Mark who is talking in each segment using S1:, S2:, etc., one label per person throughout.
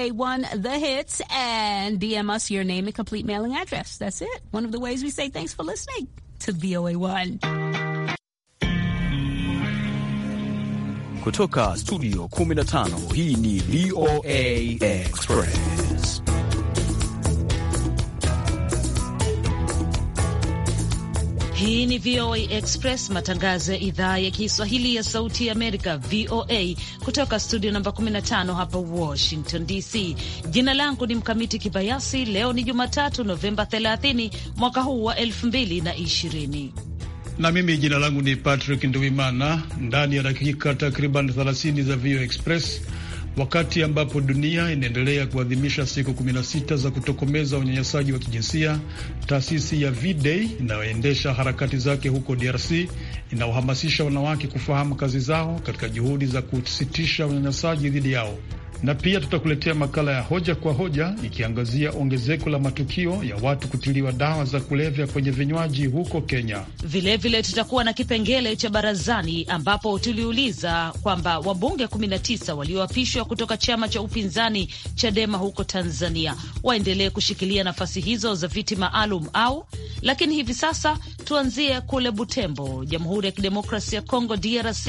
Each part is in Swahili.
S1: A1 The Hits and DM us your name and complete mailing address. That's it. One of the ways we say thanks for listening to VOA1.
S2: Kutoka Studio Tano. He ni VOA Express.
S1: Hii ni VOA Express, matangazo ya idhaa ya Kiswahili ya Sauti ya Amerika, VOA, kutoka studio namba 15 hapa Washington DC. Jina langu ni Mkamiti Kibayasi. Leo ni Jumatatu, Novemba 30 mwaka huu wa 2020
S3: na mimi jina langu ni Patrick Nduwimana. Ndani ya dakika takriban 30 za VOA Express wakati ambapo dunia inaendelea kuadhimisha siku 16 za kutokomeza unyanyasaji wa kijinsia, taasisi ya V-Day inayoendesha harakati zake huko DRC inawahamasisha wanawake kufahamu kazi zao katika juhudi za kusitisha unyanyasaji dhidi yao na pia tutakuletea makala ya hoja kwa hoja ikiangazia ongezeko la matukio ya watu kutiliwa dawa za kulevya kwenye vinywaji huko Kenya.
S1: Vilevile vile tutakuwa na kipengele cha barazani ambapo tuliuliza kwamba wabunge 19 walioapishwa kutoka chama cha upinzani Chadema huko Tanzania waendelee kushikilia nafasi hizo za viti maalum au. Lakini hivi sasa tuanzie kule Butembo, Jamhuri ya Kidemokrasia ya Kongo, DRC,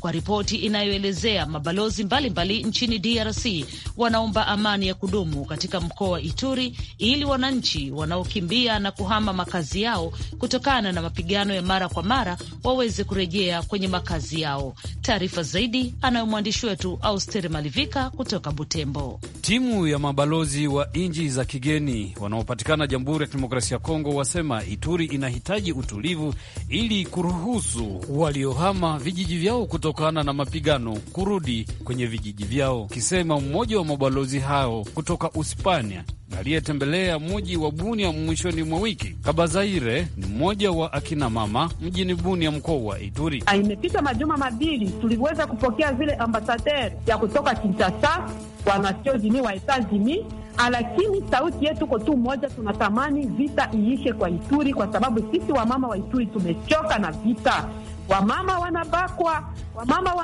S1: kwa ripoti inayoelezea mabalozi mbalimbali mbali nchini DRC DRC wanaomba amani ya kudumu katika mkoa wa Ituri ili wananchi wanaokimbia na kuhama makazi yao kutokana na mapigano ya mara kwa mara waweze kurejea kwenye makazi yao. Taarifa zaidi anayo mwandishi wetu Austeri Malivika kutoka Butembo.
S4: Timu ya mabalozi wa nchi za kigeni wanaopatikana Jamhuri ya Kidemokrasia ya Kongo wasema Ituri inahitaji utulivu ili kuruhusu waliohama vijiji vyao kutokana na mapigano kurudi kwenye vijiji vyao Kise amesema mmoja wa mabalozi hao kutoka uspania aliyetembelea mji wa Bunia mwishoni mwa wiki. Kabazaire ni mmoja wa akina mama mjini Bunia, mkoa wa Ituri. Ah,
S5: imepita majuma
S1: mabili tuliweza kupokea zile ambasader ya kutoka Kinshasa wa Nations Unies wa etats ah, lakini sauti yetu ko tu moja, tunatamani vita iishe kwa Ituri,
S5: kwa sababu sisi wamama wa Ituri tumechoka na vita Wamama wanabakwa, wamama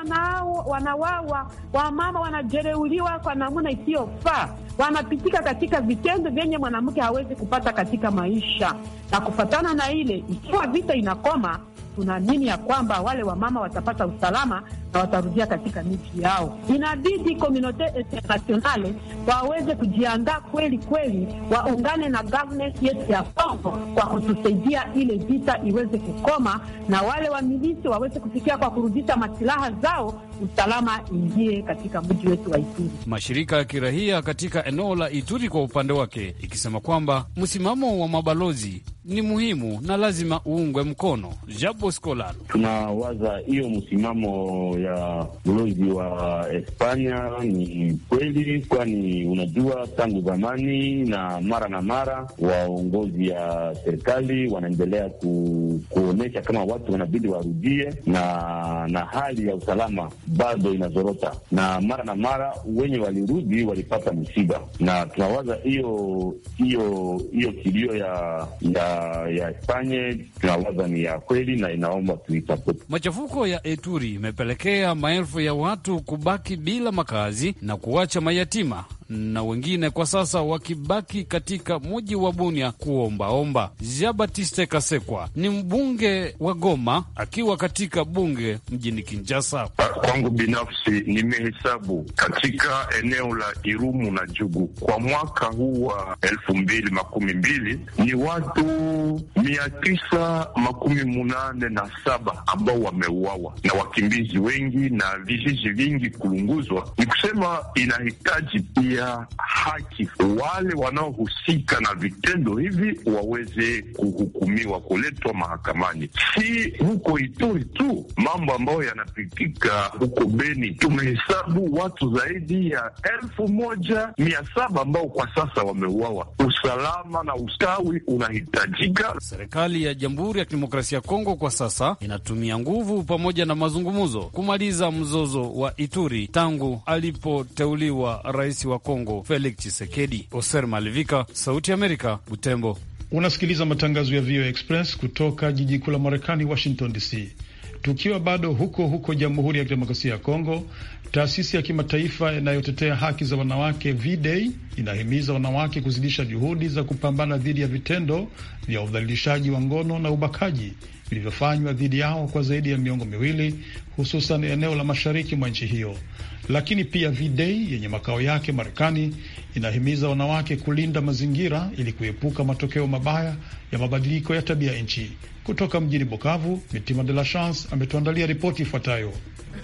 S5: wanawawa, wamama wanajereuliwa kwa namna isiyofaa,
S1: wanapitika katika vitendo vyenye mwanamke hawezi kupata katika maisha. Na kufatana na ile, ikiwa vita inakoma, tunaamini ya kwamba wale wamama watapata usalama na watarudia katika miji yao. Inabidi komunote internationale waweze kujiandaa kweli kweli, waungane na government yetu ya Kongo kwa kutusaidia ile vita iweze kukoma, na wale wamilisi waweze kufikia kwa kurudisha masilaha zao, usalama ingie katika mji wetu wa Ituri.
S4: Mashirika ya kirahia katika eneo la Ituri kwa upande wake ikisema kwamba msimamo wa mabalozi ni muhimu na lazima uungwe mkono. Jabo Skolalo, tunawaza hiyo msimamo ya ulozi wa Espanya ni kweli, kwani unajua tangu zamani na mara na mara waongozi ya serikali wanaendelea ku, kuonyesha kama watu wanabidi warudie, na na hali ya usalama bado inazorota, na mara na mara wenye walirudi walipata msiba, na tunawaza hiyo hiyo hiyo kilio ya ya ya Espanye tunawaza ni ya kweli na inaomba tuitapoti Machafuko ya Eturi imepelekea kupelekea maelfu ya watu kubaki bila makazi na kuacha mayatima na wengine kwa sasa wakibaki katika mji wa Bunia kuombaomba. batiste Kasekwa ni mbunge wa Goma akiwa katika bunge mjini Kinjasa. Kwangu binafsi nimehesabu katika eneo la Irumu na Jugu kwa mwaka huu wa elfu mbili makumi mbili ni watu mia tisa makumi munane na saba ambao wameuawa na wakimbizi wengi na vijiji vingi kulunguzwa. Ni kusema inahitaji pia kupatia haki wale wanaohusika na vitendo hivi waweze kuhukumiwa, kuletwa mahakamani. Si huko Ituri tu mambo ambayo yanapitika huko Beni, tumehesabu watu zaidi ya elfu moja mia saba ambao kwa sasa wameuawa. Usalama na ustawi unahitajika. Serikali ya Jamhuri ya Kidemokrasia ya Kongo kwa sasa inatumia nguvu pamoja na mazungumzo kumaliza mzozo wa Ituri tangu alipoteuliwa rais wa Kongo Felix Chisekedi. Oser Malivika, Sauti Amerika, Butembo. Unasikiliza matangazo ya
S3: VOA Express kutoka jiji kuu la Marekani, Washington DC. Tukiwa bado huko huko Jamhuri ya Kidemokrasia ya Kongo, taasisi ya kimataifa inayotetea haki za wanawake V-Day inahimiza wanawake kuzidisha juhudi za kupambana dhidi ya vitendo vya udhalilishaji wa ngono na ubakaji vilivyofanywa dhidi yao kwa zaidi ya miongo miwili, hususan eneo la mashariki mwa nchi hiyo. Lakini pia V-Day yenye makao yake Marekani inahimiza wanawake kulinda mazingira ili kuepuka matokeo mabaya ya mabadiliko ya tabia nchi. Kutoka mjini Bukavu, Mitima de la Chance ametuandalia ripoti ifuatayo.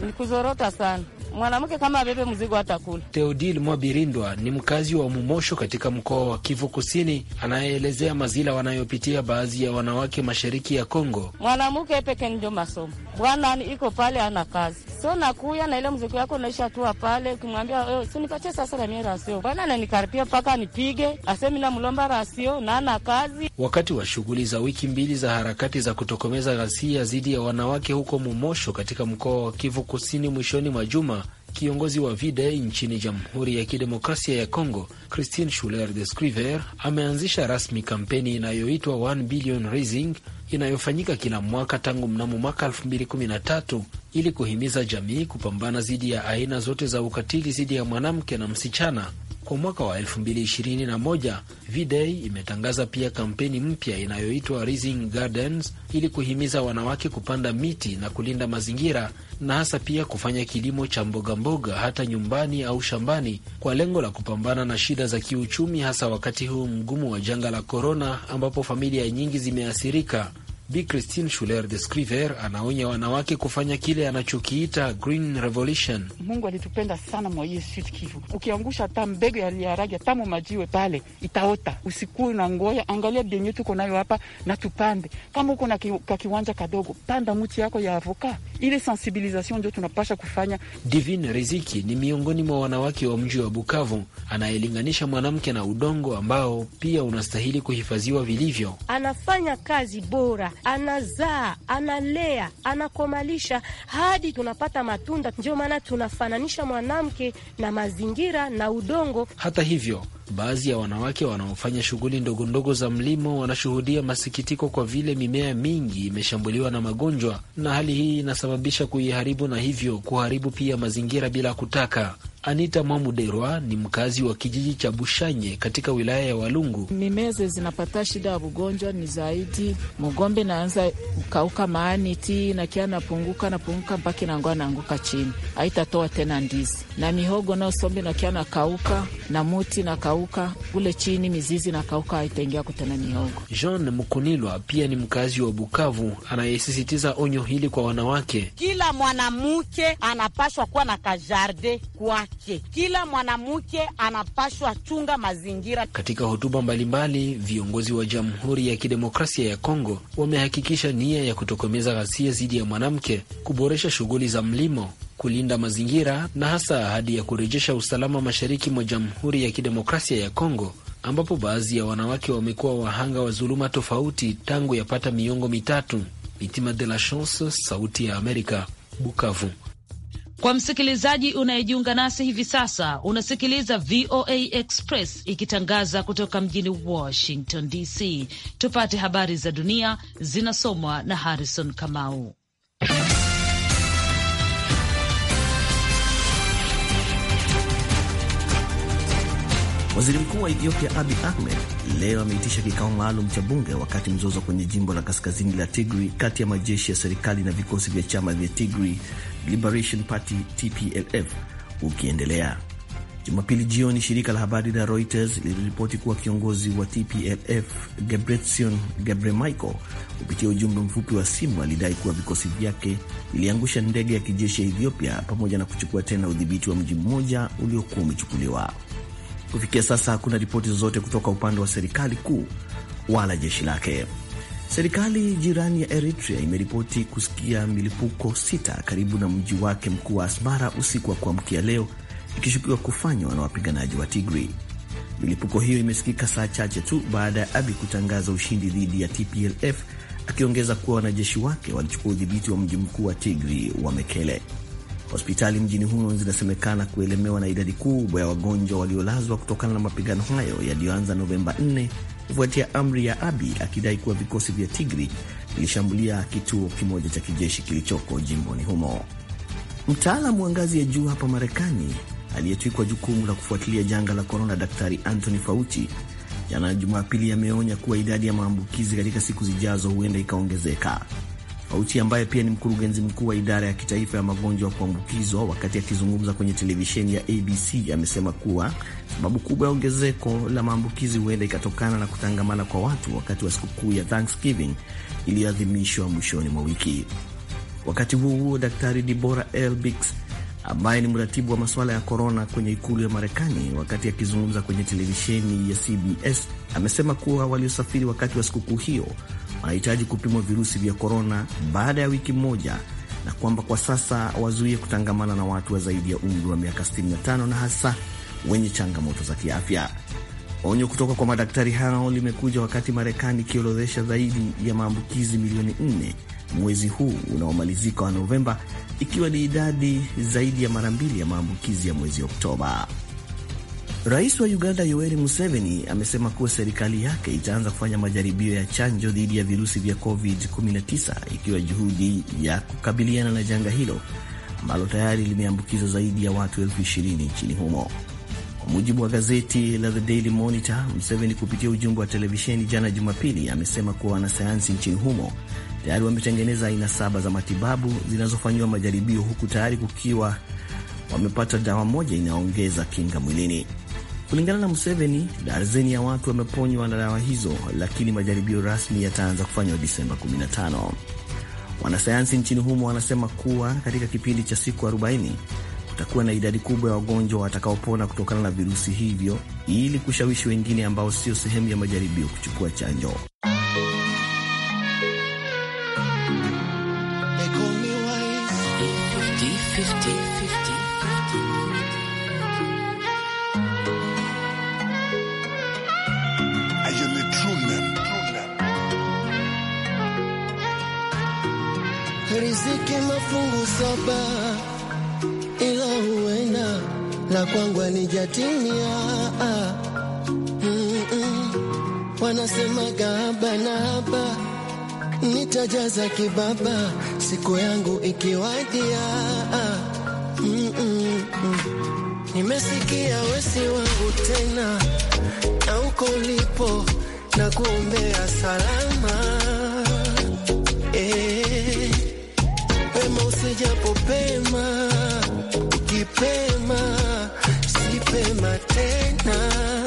S5: Ni kuzorota sana mwanamke kama abebe mzigo hata kula.
S6: Teodil Mwabirindwa ni mkazi wa Mumosho katika mkoa wa Kivu Kusini, anayeelezea mazila wanayopitia baadhi ya wanawake mashariki ya Kongo.
S5: Mwanamke peke ndio masomo, bwana iko pale ana kazi so nakuya na ile mzigo yako naisha tu pale, ukimwambia eh, sinipatie sasa namie rasio bwana, ananikaribia mpaka nipige asemi na mlomba rasio na nana kazi.
S6: Wakati wa shughuli za wiki mbili za harakati za kutokomeza ghasia dhidi ya wanawake huko Mumosho katika mkoa wa Kivu Kusini mwishoni mwa juma Kiongozi wa VIDE nchini Jamhuri ya Kidemokrasia ya Kongo, Christine Schuler de Scriver, ameanzisha rasmi kampeni inayoitwa 1 Billion Raising inayofanyika kila mwaka tangu mnamo mwaka 2013 ili kuhimiza jamii kupambana dhidi ya aina zote za ukatili dhidi ya mwanamke na msichana. Kwa mwaka wa 2021 V-Day imetangaza pia kampeni mpya inayoitwa Raising Gardens ili kuhimiza wanawake kupanda miti na kulinda mazingira na hasa pia kufanya kilimo cha mbogamboga hata nyumbani au shambani kwa lengo la kupambana na shida za kiuchumi, hasa wakati huu mgumu wa janga la korona, ambapo familia nyingi zimeathirika. Bi Christine Schuler de Scriver anaonya wanawake kufanya kile anachokiita green revolution.
S4: Mungu alitupenda sana mwa hii Sud Kivu. Ukiangusha hata mbegu ya liaraga tamu majiwe pale itaota. Usikuwe na ngoya, angalia denye tuko nayo hapa na tupande. Kama uko na ka kiwanja kadogo, panda mti yako ya avoka. Ile sensibilisation ndio
S6: tunapasha kufanya. Divine Riziki ni miongoni mwa wanawake wa mji wa Bukavu anayelinganisha mwanamke na udongo ambao pia unastahili kuhifadhiwa vilivyo.
S1: Anafanya kazi bora anazaa, analea, anakomalisha hadi tunapata matunda. Ndio maana tunafananisha mwanamke na mazingira na udongo.
S6: Hata hivyo Baadhi ya wanawake wanaofanya shughuli ndogo ndogo za mlimo wanashuhudia masikitiko kwa vile mimea mingi imeshambuliwa na magonjwa, na hali hii inasababisha kuiharibu na hivyo kuharibu pia mazingira bila kutaka. Anita Mwamuderwa ni mkazi wa kijiji cha Bushanye katika wilaya ya Walungu.
S5: Mimeze zinapata shida ya ugonjwa
S6: ni zaidi
S5: mgombe naanza ukauka, maani ti nakia napunguka napunguka mpaka nangua naanguka chini, haitatoa tena ndizi na mihogo nao naosombe nakia nakauka na muti nakauka inakauka kule chini, mizizi inakauka, itaingia kutena miogo.
S6: Jean Mkunilwa pia ni mkazi wa Bukavu anayesisitiza onyo hili kwa wanawake.
S5: Kila mwanamke
S1: anapashwa kuwa na kajarde kwake, kila mwanamke anapashwa chunga mazingira.
S6: Katika hotuba mbalimbali, viongozi wa Jamhuri ya Kidemokrasia ya Kongo wamehakikisha nia ya kutokomeza ghasia dhidi ya mwanamke, kuboresha shughuli za mlimo kulinda mazingira na hasa ahadi ya kurejesha usalama mashariki mwa Jamhuri ya Kidemokrasia ya Kongo ambapo baadhi ya wanawake wamekuwa wahanga wa dhuluma tofauti tangu yapata miongo mitatu. Mitima de la Chance, Sauti ya Amerika, Bukavu.
S1: Kwa msikilizaji unayejiunga nasi hivi sasa, unasikiliza VOA Express ikitangaza kutoka mjini Washington DC. Tupate habari za dunia zinasomwa na Harrison Kamau.
S2: Waziri Mkuu wa Ethiopia Abi Ahmed leo ameitisha kikao maalum cha bunge wakati mzozo kwenye jimbo la kaskazini la Tigri kati ya majeshi ya serikali na vikosi vya chama vya Tigri Liberation Party TPLF ukiendelea. Jumapili jioni, shirika la habari la Reuters liliripoti kuwa kiongozi wa TPLF Gebretsion Gebremichael kupitia ujumbe mfupi wa simu alidai kuwa vikosi vyake viliangusha ndege ya kijeshi ya Ethiopia pamoja na kuchukua tena udhibiti wa mji mmoja uliokuwa umechukuliwa. Kufikia sasa hakuna ripoti zozote kutoka upande wa serikali kuu wala jeshi lake. Serikali jirani ya Eritrea imeripoti kusikia milipuko sita karibu na mji wake mkuu wa Asmara usiku wa kuamkia leo, ikishukiwa kufanywa na wapiganaji wa tigri Milipuko hiyo imesikika saa chache tu baada ya Abi kutangaza ushindi dhidi ya TPLF, akiongeza kuwa wanajeshi wake walichukua udhibiti wa mji mkuu wa tigri wa Mekele. Hospitali mjini humo zinasemekana kuelemewa na idadi kubwa ya wagonjwa waliolazwa kutokana na mapigano hayo yaliyoanza Novemba 4 kufuatia amri ya Abi akidai kuwa vikosi vya Tigri vilishambulia kituo kimoja cha kijeshi kilichoko jimboni humo. Mtaalamu wa ngazi ya juu hapa Marekani aliyetwikwa jukumu la kufuatilia janga la korona, Daktari Anthony Fauci jana Jumapili ameonya kuwa idadi ya maambukizi katika siku zijazo huenda ikaongezeka. Fauci ambaye pia ni mkurugenzi mkuu wa idara ya kitaifa ya magonjwa ya kuambukizwa, wakati akizungumza kwenye televisheni ya ABC amesema kuwa sababu kubwa ya ongezeko la maambukizi huenda ikatokana na kutangamana kwa watu wakati wa sikukuu ya Thanksgiving iliyoadhimishwa mwishoni mwa wiki. Wakati huo huo, Daktari Debora L. Bix ambaye ni mratibu wa masuala ya korona kwenye ikulu ya Marekani, wakati akizungumza kwenye televisheni ya CBS amesema kuwa waliosafiri wakati wa sikukuu hiyo wanahitaji kupimwa virusi vya korona baada ya wiki moja, na kwamba kwa sasa wazuie kutangamana na watu wa zaidi ya umri wa miaka 65 na hasa wenye changamoto za kiafya. Onyo kutoka kwa madaktari hao limekuja wakati Marekani ikiorodhesha zaidi ya maambukizi milioni nne mwezi huu unaomalizika wa Novemba, ikiwa ni idadi zaidi ya mara mbili ya maambukizi ya mwezi Oktoba. Rais wa Uganda Yoweri Museveni amesema kuwa serikali yake itaanza kufanya majaribio ya chanjo dhidi ya virusi vya COVID-19 ikiwa juhudi ya kukabiliana na janga hilo ambalo tayari limeambukiza zaidi ya watu elfu ishirini nchini humo. Kwa mujibu wa gazeti la The Daily Monitor, Museveni kupitia ujumbe wa televisheni jana Jumapili amesema kuwa wanasayansi nchini humo tayari wametengeneza aina saba za matibabu zinazofanyiwa majaribio huku tayari kukiwa wamepata dawa moja inayoongeza kinga mwilini. Kulingana na Museveni, darzeni ya watu wameponywa na dawa hizo, lakini majaribio rasmi yataanza kufanywa Disemba 15. Wanasayansi nchini humo wanasema kuwa katika kipindi cha siku 40 kutakuwa na idadi kubwa ya wagonjwa watakaopona kutokana na virusi hivyo, ili kushawishi wengine ambao sio sehemu ya majaribio kuchukua chanjo.
S7: yake mafungu saba, ila huenda la kwangu alijatimia. mm -mm. na haba, nitajaza kibaba siku yangu ikiwadia. Nimesikia wesi wangu tena na uko ulipo na kuombea salama eh. Pema usijapo pema, ukipema si pema tena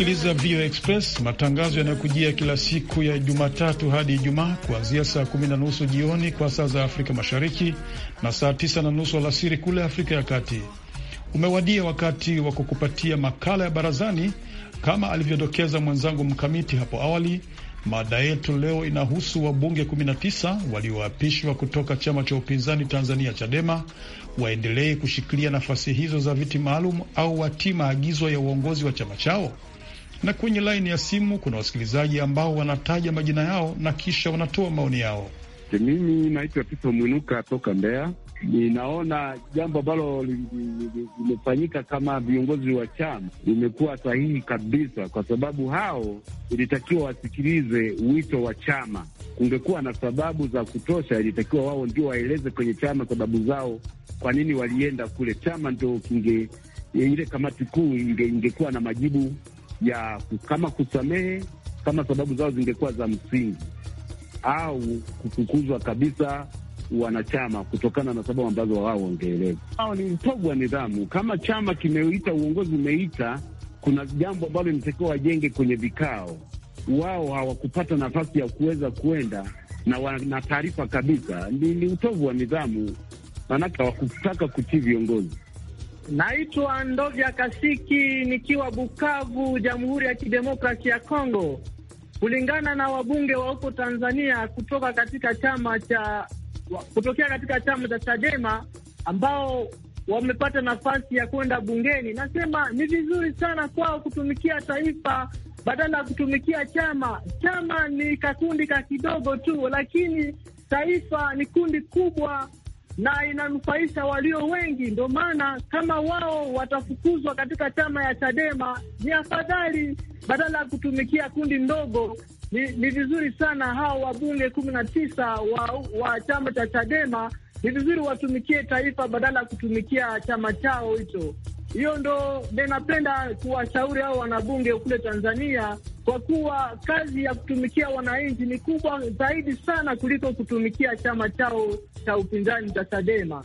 S3: unasikiliza VOA Express, matangazo yanayokujia kila siku ya Jumatatu hadi Ijumaa kuanzia saa kumi na nusu jioni kwa saa za Afrika Mashariki na saa tisa na nusu alasiri kule Afrika ya Kati. Umewadia wakati wa kukupatia makala ya Barazani. Kama alivyodokeza mwenzangu Mkamiti hapo awali, mada yetu leo inahusu wabunge 19 walioapishwa kutoka chama cha upinzani Tanzania, CHADEMA, waendelee kushikilia nafasi hizo za viti maalum au watii maagizo ya uongozi wa chama chao? na kwenye laini ya simu kuna wasikilizaji ambao wanataja majina yao na kisha wanatoa maoni
S4: yao. Mimi naitwa Tito Mwinuka toka Mbeya. Ninaona jambo ambalo limefanyika kama viongozi wa chama limekuwa sahihi kabisa, kwa sababu hao ilitakiwa wasikilize wito wa chama. Kungekuwa na sababu za kutosha, ilitakiwa wao ndio waeleze kwenye chama sababu zao, kwa nini walienda kule. Chama ndio kinge ile kamati kuu ingekuwa na majibu ya kama kusamehe, kama sababu zao zingekuwa za msingi, au kufukuzwa kabisa wanachama kutokana na sababu ambazo wao wangeeleza. Hao ni utovu wa nidhamu. Kama chama kimeita, uongozi umeita, kuna jambo ambalo inatakiwa wajenge kwenye vikao. Wao hawakupata nafasi ya kuweza kuenda na wana taarifa kabisa. Ni, ni utovu wa nidhamu, maanake hawakutaka kutii
S7: viongozi.
S8: Naitwa Ndovya Kasiki nikiwa Bukavu, Jamhuri ya kidemokrasi ya Kongo. Kulingana na wabunge wa huko Tanzania kutoka katika chama cha kutokea katika chama cha Chadema ambao wamepata nafasi ya kwenda bungeni, nasema ni vizuri sana kwao kutumikia taifa badala ya kutumikia chama. Chama ni kakundi ka kidogo tu, lakini taifa ni kundi kubwa na inanufaisha walio wengi. Ndio maana kama wao watafukuzwa katika chama ya Chadema ni afadhali, badala ya kutumikia kundi ndogo. Ni, ni vizuri sana hao wabunge kumi na tisa wa, wa chama cha Chadema ni vizuri watumikie taifa badala ya kutumikia chama chao hicho. Hiyo ndo ninapenda kuwashauri hao wanabunge kule Tanzania, kwa kuwa kazi ya kutumikia wananchi ni kubwa zaidi sana kuliko kutumikia chama chao cha upinzani cha Chadema.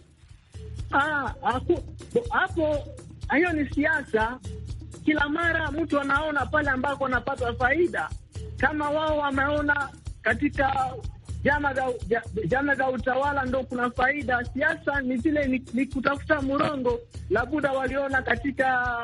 S8: Ah, hapo hiyo ni siasa. Kila mara mtu anaona pale ambako anapata faida. Kama wao wameona katika vyama vya vya utawala ndo kuna faida. Siasa ni zile ni, ni kutafuta mrongo, labuda waliona katika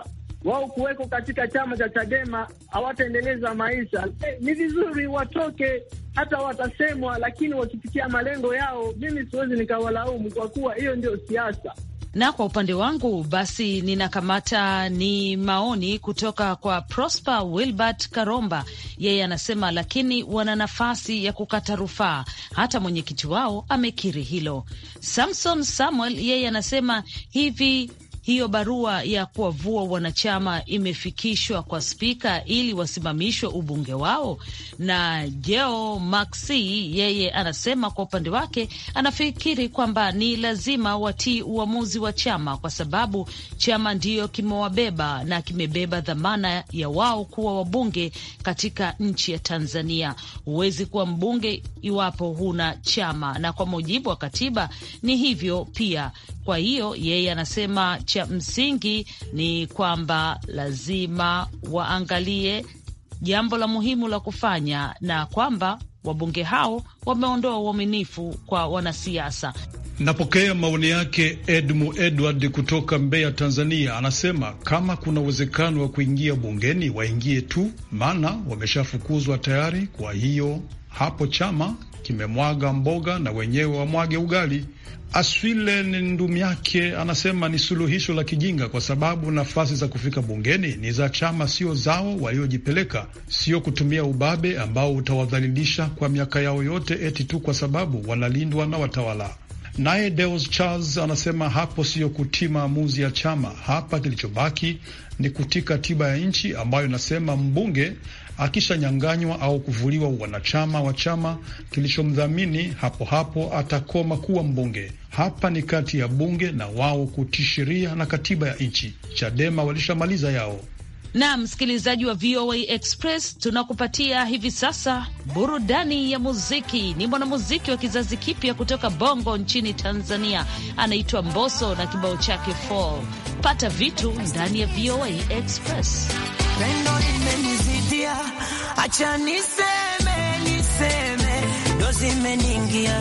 S8: wao kuweko katika chama cha Chadema hawataendeleza maisha. Eh, ni vizuri watoke, hata watasemwa, lakini wakifikia malengo yao, mimi siwezi nikawalaumu kwa kuwa hiyo ndio siasa. Na kwa
S1: upande wangu basi ninakamata ni maoni kutoka kwa Prosper Wilbert Karomba. Yeye anasema lakini wana nafasi ya kukata rufaa, hata mwenyekiti wao amekiri hilo. Samson Samuel yeye anasema hivi hiyo barua ya kuwavua wanachama imefikishwa kwa spika ili wasimamishwe ubunge wao. Na Jeo Maxi yeye anasema kwa upande wake anafikiri kwamba ni lazima watii uamuzi wa chama, kwa sababu chama ndiyo kimewabeba na kimebeba dhamana ya wao kuwa wabunge katika nchi ya Tanzania. Huwezi kuwa mbunge iwapo huna chama, na kwa mujibu wa katiba ni hivyo pia. Kwa hiyo yeye anasema cha msingi ni kwamba lazima waangalie jambo la muhimu la kufanya na kwamba wabunge hao wameondoa uaminifu kwa wanasiasa.
S3: Napokea maoni yake. Edmu Edward kutoka Mbeya, Tanzania, anasema kama kuna uwezekano wa kuingia bungeni waingie tu, maana wameshafukuzwa tayari. Kwa hiyo hapo chama kimemwaga mboga na wenyewe wamwage ugali. Aswile ni ndumi yake anasema ni suluhisho la kijinga kwa sababu nafasi za kufika bungeni ni za chama sio zao waliojipeleka, sio kutumia ubabe ambao utawadhalilisha kwa miaka yao yote eti tu kwa sababu wanalindwa na watawala. Naye Deus Charles anasema hapo siyo kutii maamuzi ya chama. Hapa kilichobaki ni kutika katiba ya nchi ambayo inasema mbunge Akishanyanganywa au kuvuliwa wanachama wa chama kilichomdhamini, hapo hapo atakoma kuwa mbunge. Hapa ni kati ya bunge na wao kutii sheria na katiba ya nchi. Chadema walishamaliza yao.
S1: Na msikilizaji wa VOA Express, tunakupatia hivi sasa burudani ya muziki. Ni mwanamuziki wa kizazi kipya kutoka Bongo nchini Tanzania, anaitwa mboso na kibao chake Fall. Pata vitu ndani ya VOA Express
S9: acha niseme, niseme ndo zimeniingia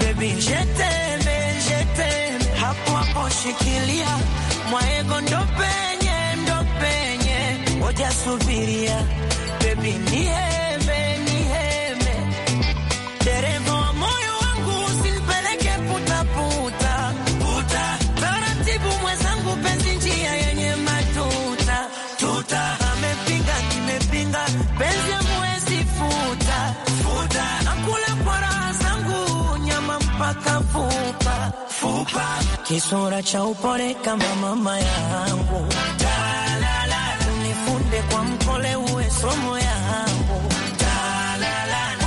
S9: bebi, jetembe jetembe, hapo hapo shikilia mwaego, ndo penye ndo penye, oja subiria bebi nie mifupa, kisura cha upole kama mama yangu, unifunde kwa mpole uwe somo yangu,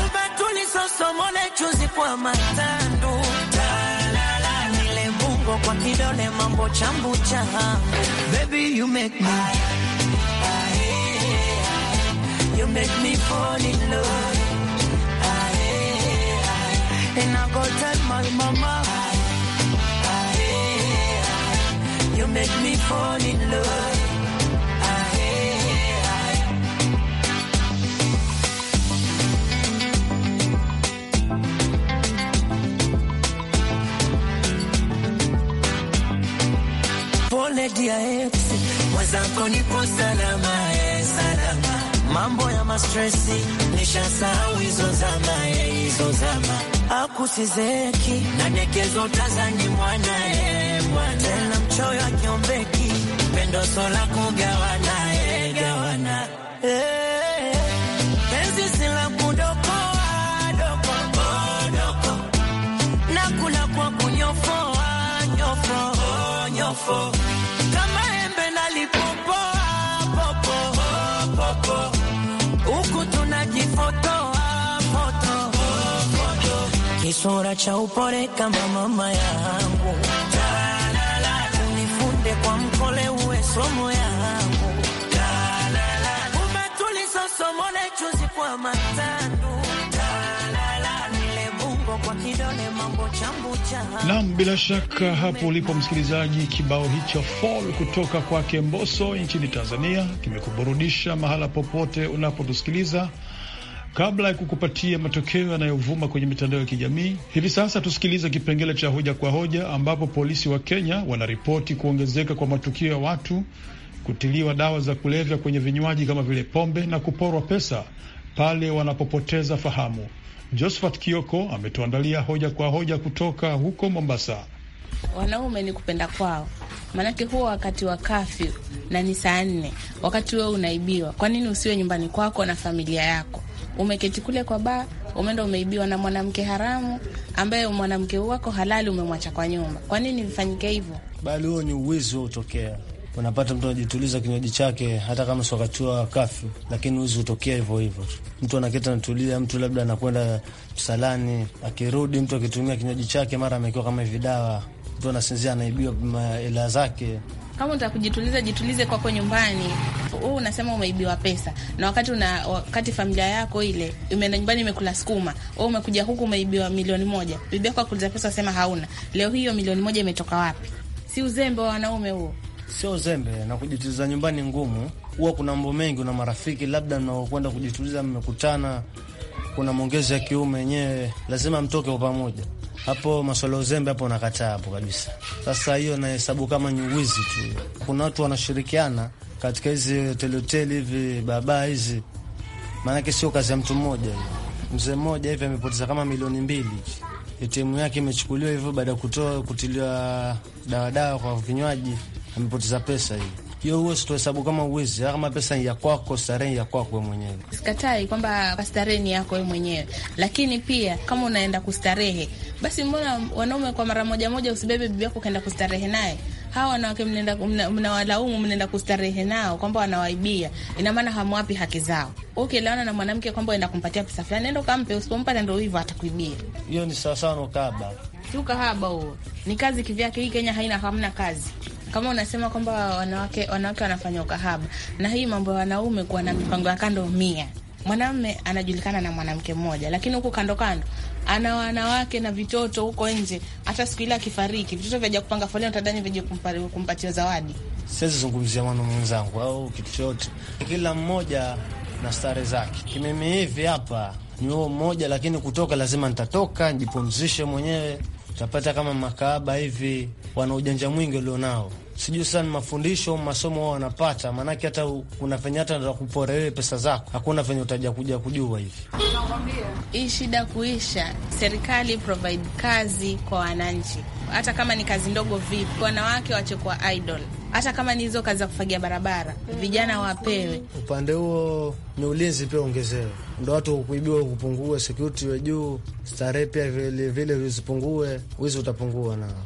S9: ubatuli sosomole chuzi kwa matandu, nile bungo kwa kidole mambo chambu changu, baby you make me You make me fall in love. And I go tell my mama. make me fall in love. Pole dia ex, mwenzako nipo salama, eh, salama. Mambo ya mastresi nishasahau hizo zama, eh, hizo zama. Akusizeki na nekezo tazani eh choyo akiombeki pendo sola kugawana gawana eh. kwa kunyofoa kama embe nalipopoa popo popo huku tunajifotoa foto kisura cha upore kama mama yangu kwa mkole uwe somo yangu umetuliza kwa matandu
S3: Nam, bila shaka hapo ulipo msikilizaji, kibao hicho fall kutoka kwake Mboso nchini Tanzania kimekuburudisha mahala popote unapotusikiliza. Kabla ya kukupatia matokeo yanayovuma kwenye mitandao ya kijamii hivi sasa, tusikilize kipengele cha hoja kwa hoja, ambapo polisi wa Kenya wanaripoti kuongezeka kwa matukio ya watu kutiliwa dawa za kulevya kwenye vinywaji kama vile pombe na kuporwa pesa pale wanapopoteza fahamu. Josephat Kioko ametuandalia hoja kwa hoja kutoka huko Mombasa.
S5: Wanaume ni kupenda kwao, maanake huwa wakati wa kafyu na ni saa nne, wakati wewe unaibiwa. Kwa nini usiwe nyumbani kwako na familia yako? umeketi kule kwa baa, umeenda umeibiwa na mwanamke haramu, ambaye mwanamke wako halali umemwacha kwa nyumba. Kwa nini vifanyike hivyo?
S10: Bali huo ni uwizi utokea Unapata mtu anajituliza kinywaji chake, hata kama si wakati wa kafi, lakini huwezi hutokea hivyo hivyo. Mtu anaketi anatulia, mtu labda anakwenda msalani, akirudi mtu akitumia kinywaji chake, mara amekiwa kama hivi dawa, mtu anasinzia, anaibiwa hela zake.
S5: Kama unataka kujituliza, jitulize kwako nyumbani. Wewe unasema umeibiwa pesa, na wakati una wakati familia yako ile imeenda nyumbani imekula sukuma, wewe umekuja huku umeibiwa milioni moja. Bibi yako akuliza pesa, sema hauna. Leo hiyo milioni moja imetoka wapi? Si uzembe wa
S10: wanaume huo? Sio uzembe, na kujituliza nyumbani ngumu. Huwa kuna mambo mengi, una marafiki labda mnaokwenda kujituliza, mmekutana, kuna maongezi ya kiume yenyewe, lazima mtoke kwa pamoja hapo maswala uzembe hapo nakataa hapo kabisa. Sasa hiyo nahesabu kama ni tu. Kuna watu wanashirikiana katika hizi hoteli hoteli hivi baba hizi, maanake sio kazi ya mtu mmoja. Mzee mmoja hivi amepoteza kama milioni mbili, ATM yake imechukuliwa hivyo, baada ya kutoa kutiliwa dawadawa kwa vinywaji, amepoteza pesa hii hiyo huwe sitohesabu kama uwizi, ama pesa ya kwako, starehe ya kwako wewe mwenyewe.
S5: Sikatai kwamba starehe ni yako wewe mwenyewe, lakini pia kama unaenda kustarehe, basi mbona wanaume kwa mara moja moja usibebe bibi yako ukaenda kustarehe naye? Hawa wanawake mnawalaumu, mnaenda kustarehe nao kwamba wanawaibia, ina maana hamwapi haki zao. Ukielewana okay, na mwanamke kwamba enda kumpatia pesa fulani, nenda ukampe, usipompa ndo hivyo atakuibia.
S10: Hiyo ni sawasawa na ukahaba,
S5: si ukahaba huo, ni kazi kivyake. Hii Kenya haina hamna kazi kama unasema kwamba wanawake wanawake wanafanya ukahaba, na hii mambo ya wanaume kuwa na mipango ya kando mia mwanamme anajulikana na mwanamke mmoja, lakini huku kando kando ana wanawake na vitoto huko nje. Hata siku ile akifariki, vitoto vyaja kupanga foleni, utadhani vyaje kumpatia kumpa
S10: zawadi. Siwezi zungumzia mwanaume mwenzangu au kitu chote, kila mmoja na stare zake. Kimimi hivi hapa ni huo mmoja, lakini kutoka lazima nitatoka nijipumzishe mwenyewe utapata kama makahaba hivi wana ujanja mwingi ulionao sijui sana mafundisho masomo wao wanapata, maanake hata kuna venye hata atakuporea ile pesa zako, hakuna venye utaja kuja kujua hivi.
S5: Hii shida kuisha, serikali provide kazi kwa wananchi, hata kama ni kazi ndogo vipi, wanawake wache kwa idol hata kama ni hizo kazi za kufagia barabara, vijana wapewe.
S10: Upande huo ni ulinzi pia ongezewe, ndo watu kuibiwa kupungue, security iwe juu, starehe pia vilevile vizipungue, wizi utapungua nao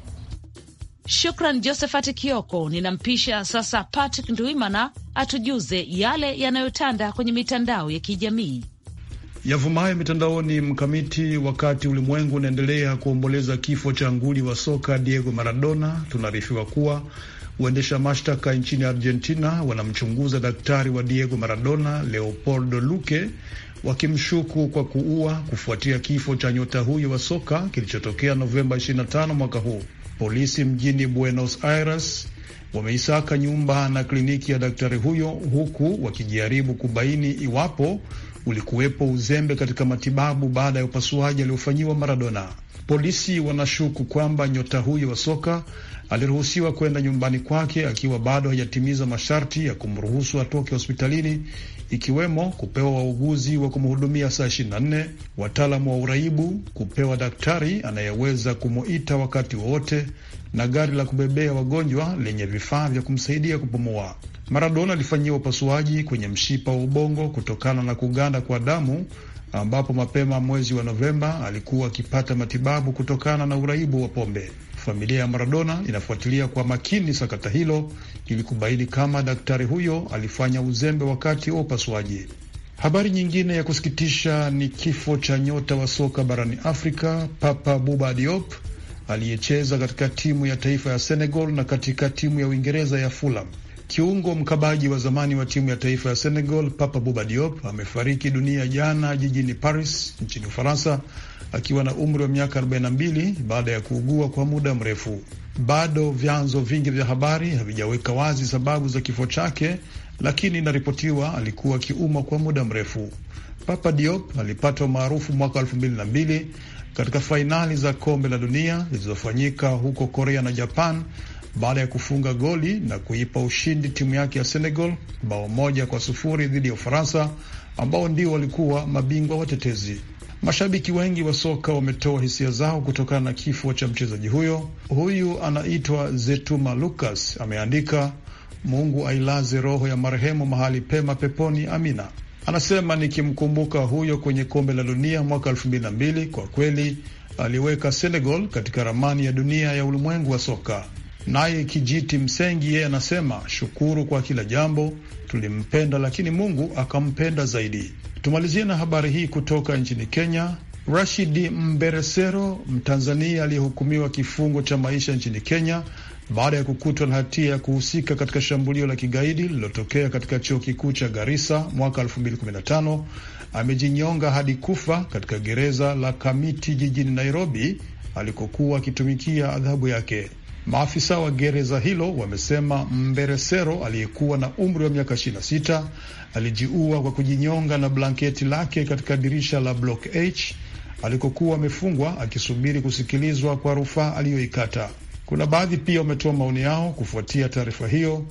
S1: Shukran Josephat Kioko. Ninampisha sasa Patrick Ndwimana atujuze yale yanayotanda kwenye mitandao ya kijamii
S3: yavumayo mitandaoni. Mkamiti, wakati ulimwengu unaendelea kuomboleza kifo cha nguli wa soka Diego Maradona, tunaarifiwa kuwa waendesha mashtaka nchini Argentina wanamchunguza daktari wa Diego Maradona Leopoldo luke wakimshuku kwa kuua kufuatia kifo cha nyota huyo wa soka kilichotokea Novemba 25 mwaka huu. Polisi mjini Buenos Aires wameisaka nyumba na kliniki ya daktari huyo huku wakijaribu kubaini iwapo ulikuwepo uzembe katika matibabu baada ya upasuaji aliofanyiwa Maradona. Polisi wanashuku kwamba nyota huyo wa soka aliruhusiwa kwenda nyumbani kwake akiwa bado hajatimiza masharti ya kumruhusu atoke hospitalini ikiwemo kupewa wauguzi wa kumhudumia saa nne, wataalamu wa uraibu, kupewa daktari anayeweza kumuita wakati wowote, na gari la kubebea wagonjwa lenye vifaa vya kumsaidia kupumua. Maradona alifanyiwa upasuaji kwenye mshipa wa ubongo kutokana na kuganda kwa damu, ambapo mapema mwezi wa Novemba alikuwa akipata matibabu kutokana na uraibu wa pombe. Familia ya Maradona inafuatilia kwa makini sakata hilo ili kubaini kama daktari huyo alifanya uzembe wakati wa upasuaji. Habari nyingine ya kusikitisha ni kifo cha nyota wa soka barani Afrika Papa Buba Diop aliyecheza katika timu ya taifa ya Senegal na katika timu ya Uingereza ya Fulham. Kiungo mkabaji wa zamani wa timu ya taifa ya Senegal Papa Buba Diop amefariki dunia jana jijini Paris nchini Ufaransa akiwa na umri wa miaka 42 baada ya kuugua kwa muda mrefu. Bado vyanzo vingi vya habari havijaweka wazi sababu za kifo chake, lakini inaripotiwa alikuwa akiumwa kwa muda mrefu. Papa Diop alipata umaarufu mwaka 2002 katika fainali za kombe la dunia zilizofanyika huko Korea na Japan baada ya kufunga goli na kuipa ushindi timu yake ya Senegal bao moja kwa sufuri dhidi ya Ufaransa ambao ndio walikuwa mabingwa watetezi. Mashabiki wengi wa soka wametoa hisia zao kutokana na kifo cha mchezaji huyo. Huyu anaitwa Zetuma Lucas ameandika, Mungu ailaze roho ya marehemu mahali pema peponi, amina. Anasema nikimkumbuka huyo kwenye kombe la dunia mwaka elfu mbili na mbili, kwa kweli aliweka Senegal katika ramani ya dunia ya ulimwengu wa soka. Naye Kijiti Msengi yeye anasema shukuru kwa kila jambo, tulimpenda lakini Mungu akampenda zaidi. Tumalizie na habari hii kutoka nchini Kenya. Rashidi Mberesero, Mtanzania aliyehukumiwa kifungo cha maisha nchini Kenya baada ya kukutwa na hatia ya kuhusika katika shambulio la kigaidi lililotokea katika chuo kikuu cha Garissa mwaka 2015 amejinyonga hadi kufa katika gereza la Kamiti jijini Nairobi alikokuwa akitumikia adhabu yake. Maafisa wa gereza hilo wamesema Mberesero aliyekuwa na umri wa miaka 26 alijiua kwa kujinyonga na blanketi lake katika dirisha la Block H alikokuwa amefungwa akisubiri kusikilizwa kwa rufaa aliyoikata. Kuna baadhi pia wametoa maoni yao kufuatia taarifa hiyo.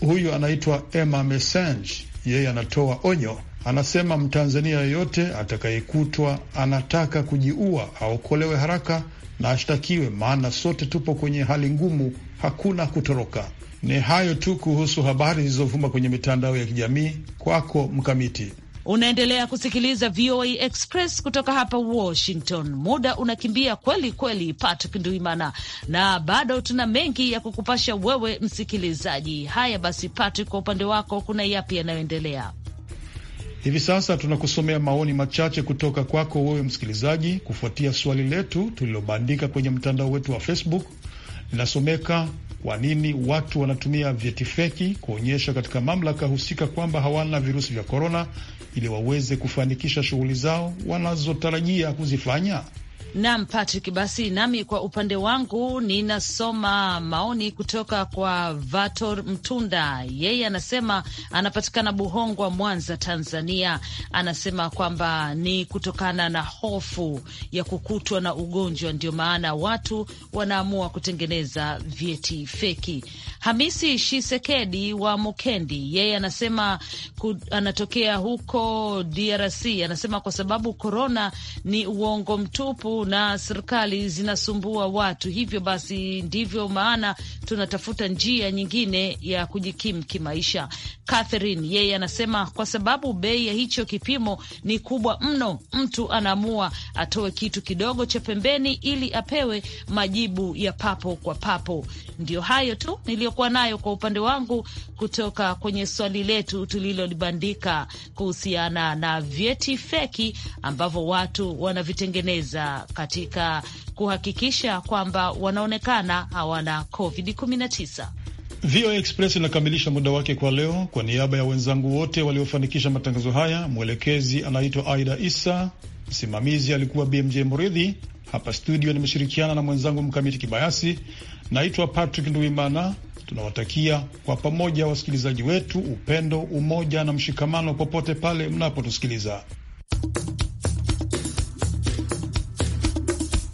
S3: Huyu anaitwa Emma Messange, yeye anatoa onyo, anasema Mtanzania yoyote atakayekutwa anataka kujiua aokolewe haraka na ashtakiwe, maana sote tupo kwenye hali ngumu, hakuna kutoroka. Ni hayo tu kuhusu habari zilizovuma kwenye mitandao ya kijamii. Kwako Mkamiti.
S1: Unaendelea kusikiliza VOA Express kutoka hapa Washington. Muda unakimbia kweli kweli, Patrick Nduimana, na bado tuna mengi ya kukupasha wewe msikilizaji. Haya basi, Patrick, kwa upande wako kuna yapi yanayoendelea?
S3: Hivi sasa tunakusomea maoni machache kutoka kwako wewe msikilizaji, kufuatia swali letu tulilobandika kwenye mtandao wetu wa Facebook. Linasomeka, kwa nini watu wanatumia vyeti feki kuonyesha katika mamlaka husika kwamba hawana virusi vya korona ili waweze kufanikisha shughuli zao wanazotarajia kuzifanya?
S1: Naam, Patrick, basi nami kwa upande wangu ninasoma maoni kutoka kwa Vator Mtunda. Yeye anasema anapatikana Buhongwa, Mwanza, Tanzania. Anasema kwamba ni kutokana na hofu ya kukutwa na ugonjwa ndio maana watu wanaamua kutengeneza vyeti feki. Hamisi Shisekedi wa Mukendi, yeye anasema ku, anatokea huko DRC. Anasema kwa sababu korona ni uongo mtupu na serikali zinasumbua watu. Hivyo basi ndivyo maana tunatafuta njia nyingine ya kujikimu kimaisha. Catherine yeye anasema kwa sababu bei ya hicho kipimo ni kubwa mno, mtu anaamua atoe kitu kidogo cha pembeni ili apewe majibu ya papo kwa papo. Ndiyo hayo tu niliyokuwa nayo kwa upande wangu kutoka kwenye swali letu tulilolibandika kuhusiana na vyeti feki ambavyo watu wanavitengeneza katika kuhakikisha kwamba wanaonekana hawana COVID-19.
S3: VOA Express inakamilisha muda wake kwa leo. Kwa niaba ya wenzangu wote waliofanikisha matangazo haya, mwelekezi anaitwa Aida isa msimamizi alikuwa BMJ mridhi Hapa studio nimeshirikiana na mwenzangu Mkamiti Kibayasi. Naitwa Patrick Nduimana. Tunawatakia kwa pamoja wasikilizaji wetu upendo, umoja na mshikamano popote pale mnapotusikiliza.